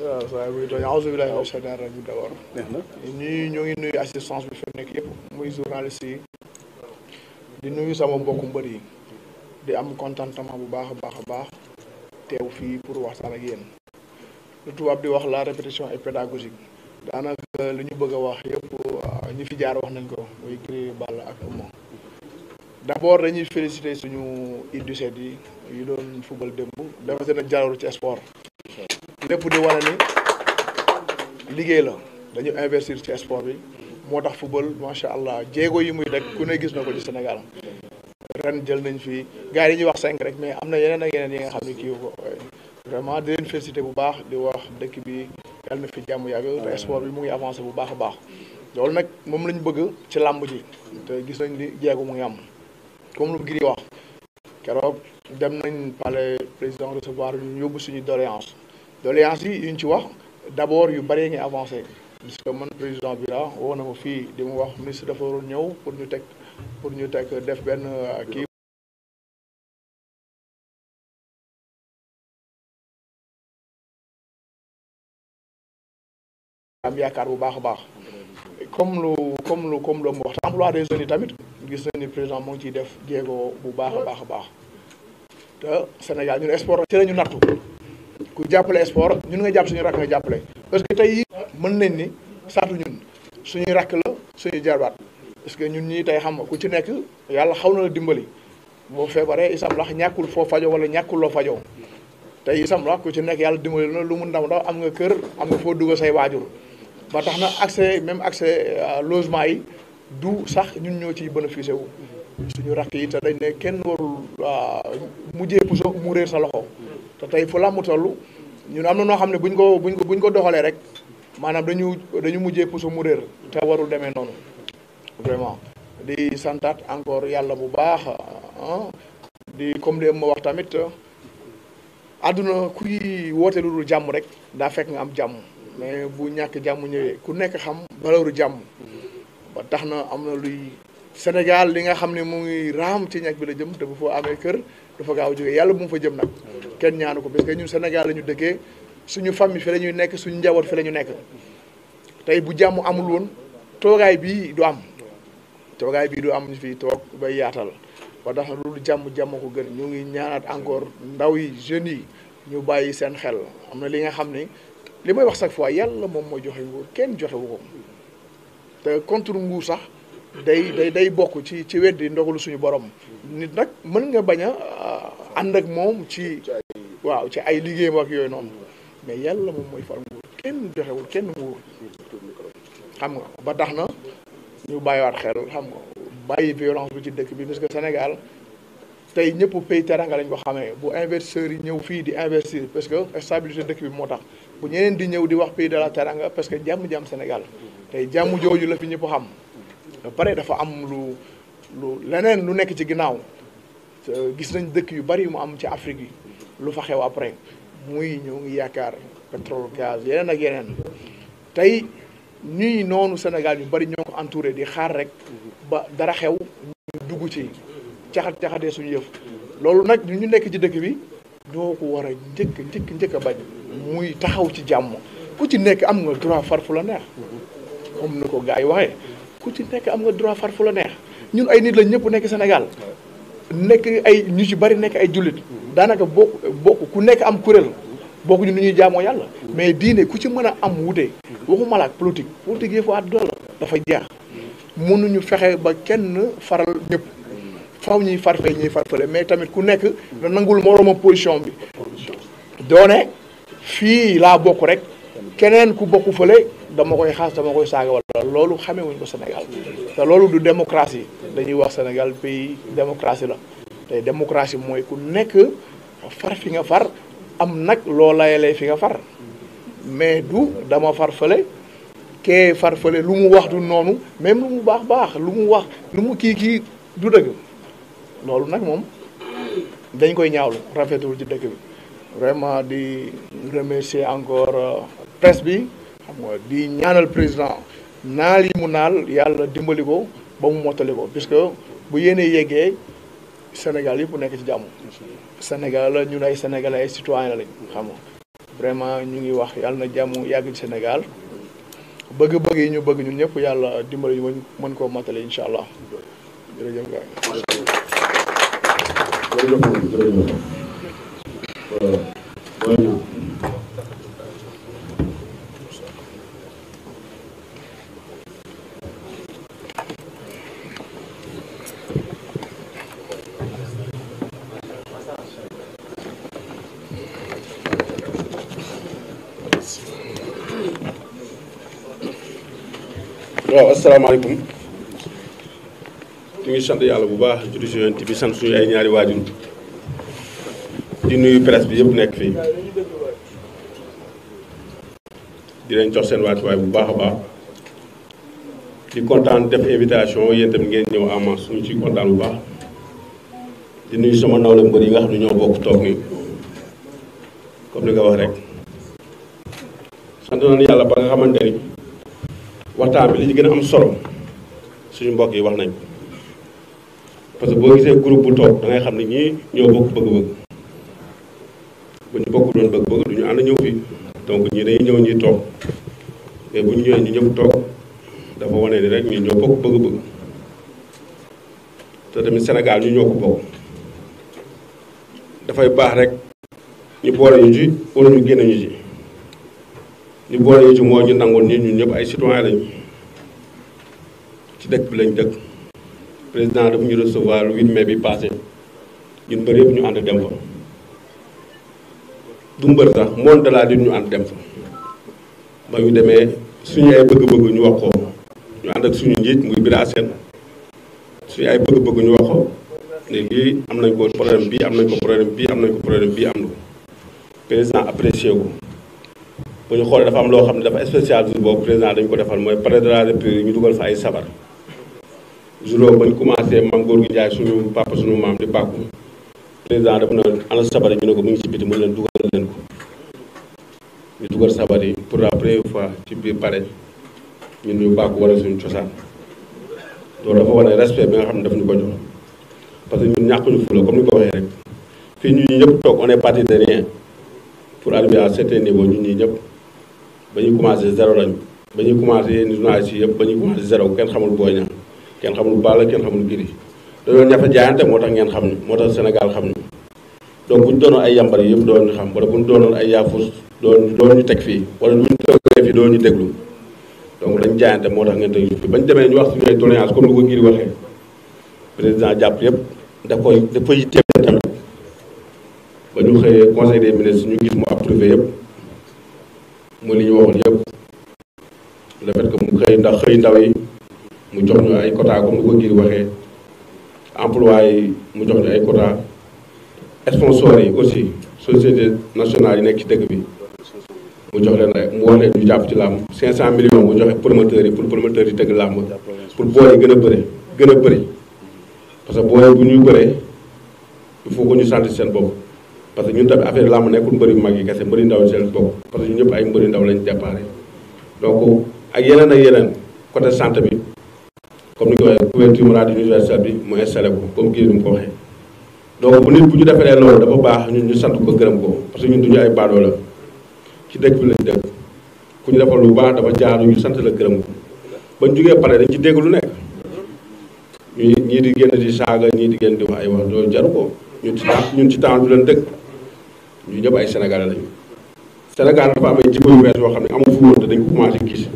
waaw saa buy tooñ auzu billahi mina shaytaan rajim d' abord ñuy ñoo ngi nuyu assistance bi fi nekk yëpp muy journaliste di nuyu sama mbokku mbër yi di am contentement bu baax a baax a baax teew fii pour waxtaan ak yéen lu tubaab di wax la répétition est pédagogique daanaka li bëgg wax yëpp ñi fi jaar wax nañ ko muy Gris Balla ak Eumeu d'abord dañuy féliciter suñu U17 yi yu doon football démb dafa na jaaru ci sport lepp di wala ni liggéey la dañu investir ci sport bi motax tax football macha allah jéego yi muy rek ku ne gis nako ci Sénégal ren jël nañ fi gaay yi wax 5 rek mais amna yenen ak yenen yi nga xamni ki wu ko vraiment di len féliciter bu baax di wax dëkk bi yàlla na fi jamm yàgg te sport bi mu ngi avancer bu baax baax lol nak mom lañ bëgg ci lamb ji te gis nañ ni jéego mu ngi am comme lu Giri wax keroog dem nañ palais président recevoir ñu yóbbu suñu doléance doléance yi ñu ci wax d' abord yu baree ngi avancé puisque man président bi woo na ko fii di mu wax ministre dafa waroon ñëw pour ñu teg pour ñu teg def benn euh, kii am yaakaar bu baax a baax comme lu comme lu comme lu mu wax emploi des jeunes yi tamit gis nañ ni président mu ngi ciy def jéego bu baax a baax a baax te Sénégal ñun sport ci la ñu nattu ku jàppale sport ñun nga jàpp suñu rakk nga jàppale parce que tey mën nañ ni saatu ñun suñuy rakk la suñuy jarbaat parce que ñun ñi tey xam nga ku ci nekk yàlla xaw na la dimbali boo feebaree isam lax ñàkkul foo fajo wala ñàkkul loo fajoo tey isam lax ku ci nekk yàlla dimbali na lu mu ndaw ndaw am nga kër am nga foo dugg say waajur ba tax na accès même accès euh, logement du sax ñun ñoo ciy bénéficié wu suñu rakk yi te dañ ne kenn warul ah, mujjee puso mu réer sa loxo te tey fu làmb toll ñun am no noo xam ne buñ ko buñ ko buñ ko doxalee rek maanaam dañu dañu mujjee puso mu réer te warul demee noonu vraiment di santat encore yàlla bu baax ah, di comme li ma wax tamit àdduna kuy woote lu dul jàmm rek daa fekk nga am jàmm mais bu ñàkk jàmm ñëwee ku nekk xam valeuru jàmm ba tax na am na luy Sénégal li nga xam ne mu ngi raam ci ñag bi la jëm te bu foo amee kër dafa gaaw a yàlla bu mu fa jëm nag kenn ñaanu ko parce que ñun Sénégal ñu dëkkee suñu famille la ñuy nekk suñu njaboot fi ñu nekk tey bu jàmm amul woon toogaay bii du am toogaay du am fi toog bay yaatal ba tax na loolu jàmm-jàmm ko gën ñu ngi ñaanaat encore ndaw yi jeunes yi ñu bàyyi seen xel am na li nga xam ne li may wax chaque fois yàlla moom mooy joxe nguur kenn joxewu ko te contre ngou sax day day day bokku ci ci wedd ndogalu suñu borom nit nak mën nga baña and ak mom ci waaw ci ay liggéeyam mak yoy non mais yalla mom moy fal nguur kenn joxewul kenn nguur xam nga ba taxna ñu bayi wat xel xam nga bàyyi violence bu ci dekk bi parce que Sénégal tey ñëpp pays teranga lañ ko xamé bu investisseur yi ñew fi di investir parce que stabilité dekk bi motax bu ñeneen di ñew di wax pays de la teranga parce que jàmm-jàmm Sénégal tey jàmm jooju la fi ñëpp xam ba pare dafa am lu lu leneen lu nekk ci ginnaaw gis nañ dëkk yu bari mu am ci Afrique yi lu fa xew après muy ñoo ngi yaakaar pétrole gaz yeneen ak yeneen tey ñuy noonu Sénégal yu bari ñoo ko entouré di xaar rek ba dara xew ñu dugg ci caxat caxatee suñu yëf loolu nag ñu nekk ci dëkk bi doo ko war a njëkk njëkk njëkk a bañ muy taxaw ci jàmm ku ci nekk am nga droit far fu la neex comme ni ko gars yi waxee ku ci nekk am nga droit far fu la neex ñun ay nit lañ ñëpp nekk Sénégal nekk ay ñu ci bari nekk ay jullit daanaka bokk bokk ku nekk am kuréel bokk ñu nu ñuy jaamoo yàlla mais diine ku ci mën a am wute waxuma la ak politique politique yëfu àdduna la dafa jeex mënuñu fexe ba kenn faral ñëpp faw ñuy farfee ñuy farfale mais tamit ku nekk na nangul moroomam position bi doone fii laa bokk rek keneen ku bokku fële dama koy xaas dama koy saaga wala loolu xamee wuñ ko Sénégal te loolu du démocratie dañuy wax Sénégal pays démocratie la te démocratie mooy ku nekk far fi nga far am nag loo layalee fi nga far mais du dama far fële kee far fële lu mu wax du noonu même lu mu baax baax lu mu wax lu mu kii kii du dëgg loolu nag moom dañ koy ñaawlu rafetul ci dëkk bi vraiment di remercier encore euh, presse bi xam nga di ñaanal président naal yi mu naal yàlla dimbali ko ba mu mottali ko que bu yéenee yégee Sénégal yëpp nekk ci jàmm. Sénégal la ñun ay sénégalais ay citoyens lañ xam nga vraiment ñu ngi wax yàlla na jàmm yàgg ci Sénégal bëgg-bëgg yi ñu bëgg ñun ñëpp yàlla dimbali ñu mën koo mottali incha allah waaw asalaamaaleykum ñu ngi sant yàlla bu baax julli si yonent bi sant suñu ay ñaari waajur di nuyu presse bi yëpp nekk fii di leen jox seen wàccuwaay bu baax a baax ci kontaan def invitation yéen tamit ngeen ñëw en masse ñu ciy kontaan bu baax di nuyu sama nawle mbër yi nga xam ne ñoo bokk toog nii comme li nga wax rek sant nañu yàlla ba nga xamante ni. waxtaan bi li ci gën a am solo suñu mbokk yi wax nañ ko parce que boo gisee groupe bu toog da xam ne ñii ñoo bokk bëgg-bëgg bu ñu bokk doon du ñu ñëw fii donc ñii dañuy ñëw ñuy toog mais bu ñu ñëwee ñu ñëpp toog dafa wane ni rek ñu ñoo bokk bëgg-bëgg te tamit Sénégal ñu ñoo ko bokk dafay baax rek ñu boole ñu ci wala ñu génne ñu ci. li bool ñu ci moo ñu nangoon nii ñun ñëpp ay citoyen lañu ci dëkk bi lañ dëkk président dafa ñu recevoir le 8 mai bi paase ñun mbër yëpp ñu ànd dem fa du mbër sax monde de la lutte ñu ànd dem fa ba ñu demee suñu ay bëgg-bëgg ñu wax ko ñu ànd ak suñu njiit muy Bira su suñu ay bëgg-bëgg ñu wax ko ne lii am nañ ko problème bii am nañ ko problème bii am nañ ko problème bii am na ko président apprécié ko bu ñu xoolee dafa am loo xam ne dafa spécial jour boobu président dañu ko defal mooy palais de la république ñu dugal ay sabar jour boobu bañ commencé maam góor gi Njaay suñu papa suñu maam di bàkku président dafa ne ana sabar ñu ne ko mu ngi ci biti mu leen dugal leen ko ñu dugal sabar yi pour la première fois ci biir palais ñu ñu bàkku wala suñu cosaan loolu dafa wane respect bi nga xam ne daf ñu ko ñu parce que ñun ñàkkuñu fula comme ni ko waxee rek fii ñun ñëpp toog on est parti de rien pour arriver à certain niveau ñun ñii ñëpp. ba ñu commencé zéro lañu ba ñuy commencé yenn journalistes yi yëpp ba ñuy commencé zéro kenn xamul Boy Niang kenn xamul Balla kenn xamul Gris dañoo ñafe ngeen xam ñu moo tax Sénégal xam ñu donc bu ñu doonoon ay yambar yëpp doon ñu xam wala bu ñu doonoon ay yaafus doon ñu teg fii wala bu ñu toogee fii doon ñu déglu donc moo tax ngeen teg bañ demee ñu wax suñu ay doléance comme ni ko Gris jàpp yëpp da koy da koy yitteem tamit ba ñu xëyee conseil des ministres ñu gis mu approuvé yëpp mooy li ñu waxoon yëpp le fait que mu xëy ndax xëy ndaw yi mu jox ñu ay quota comme ni ko ngir waxee emploi yi mu jox ñu ay quota sponsors yi aussi société nationale yi nekk ci dëkk bi mu jox leen ay mu wax leen ñu jàpp ci làmb 500 millions mu joxe promoteurs yi pour promoteurs yi tëgg làmb pour booy gën a bëre gën a bëri parce que booy bu ñuy bëree il faut ñu sentir seen bopp. parce que ñun tamit affaire làmb nekkul mbëri mag yi kese mbëri ndaw yi seen parce que ñun ñëpp ay mbëri ndaw lañ déparé donc ak yeneen ak yeneen côté sant bi comme ni ko waxee couverture maladie universelle bi mu installé ko comme kii mu ko waxee donc bu nit bu ñu defaree loolu dafa baax ñun ñu sant ko gërëm ko parce que ñun duñu ay baadoo la ci dëkk bi lañ dëkk ku ñu defal lu baax dafa jaaru ñu sant la gërëm ko bañ jugee pare ci dégg lu nekk ñuy ñii di génn di saaga ñii di génn di wax ay wax ko ñun ci ñun ci temps leen dëkk ñu ñëpp ay sénégalais lañu sénégal dafa am ay jikko yu bees yoo xam amu amul fu woon te dañ ko commencé gis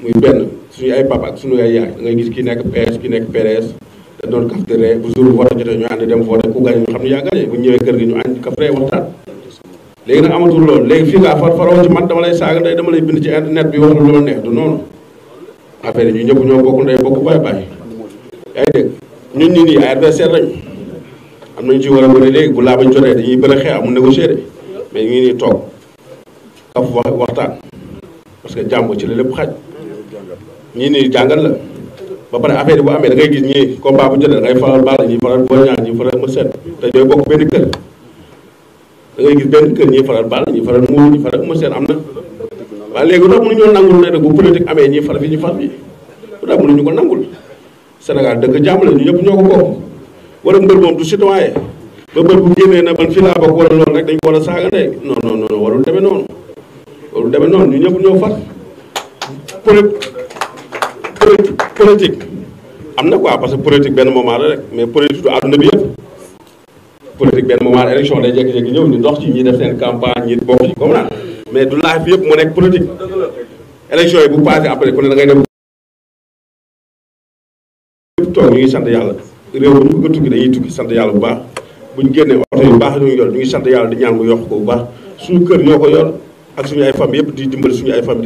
muy benn suñu ay papa ak suñu ay yaay da ngay gis ki nekk PS ki nekk da doon kaftere bu jour vote jotee ñu ànd dem vote ku gañ ñu xam ne yaa gañee bu ñëwee kër gi ñu ànd kaf ree waxtaan léegi nag amatul loolu léegi fii ngaa far faroo ci man dama lay saaga day dama lay bind ci internet bi wax la loolu neex du noonu affaire yi ñu ñëpp ñoo bokk ndey bokk bay bay yaa ngi ñun ñii nii ay lañu am nañu ci war a mën a léegi bu laa bañ jotee dañuy bëri xeex amul négocier de mais ñu ngi nii toog kaf wax waxtaan parce que jàmm ci la lépp xaj ñii nii jàngal la ba pare affaire yi bu amee da ngay gis ñii combat bu jotee da ngay faral baal ñii faral boo ñaar ñii faral ma set te ñooy bokk benn kër da ngay gis benn kër ñii faral baal ñii faral muur ñii faral ma set am na waaye léegi ndax mënuñoo nangul ne bu politique amee ñii faral fi ñu far bi ndax mënuñu ko nangul Sénégal dëkk jàmm la ñu ñëpp ñoo ko bokk wala mbër moom du citoyen ba mbër bu génnee na man fii laa loolu rek dañ ko war a saaga de non non non warul demee noonu warul demee noonu ñu ñëpp far politique am na quoi parce que politique benn moment la rek mais politique du bi yëpp politique benn moment la élection day jékki-jékki ñëw ñu dox ci ñi def seen campagne ñi bokk comme naan mais du laaj bi yëpp mu nekk politique élection yi bu passé après ku ne da dem réew bu ñu bëgg a tukki dañuy tukki sant yàlla bu baax bu ñu génnee oto yu baax ñu yor ñu ngi sant yàlla di ñaan mu yokk ko bu baax suñu kër ñoo ko yor ak suñu ay famille yëpp di dimbali suñu ay famille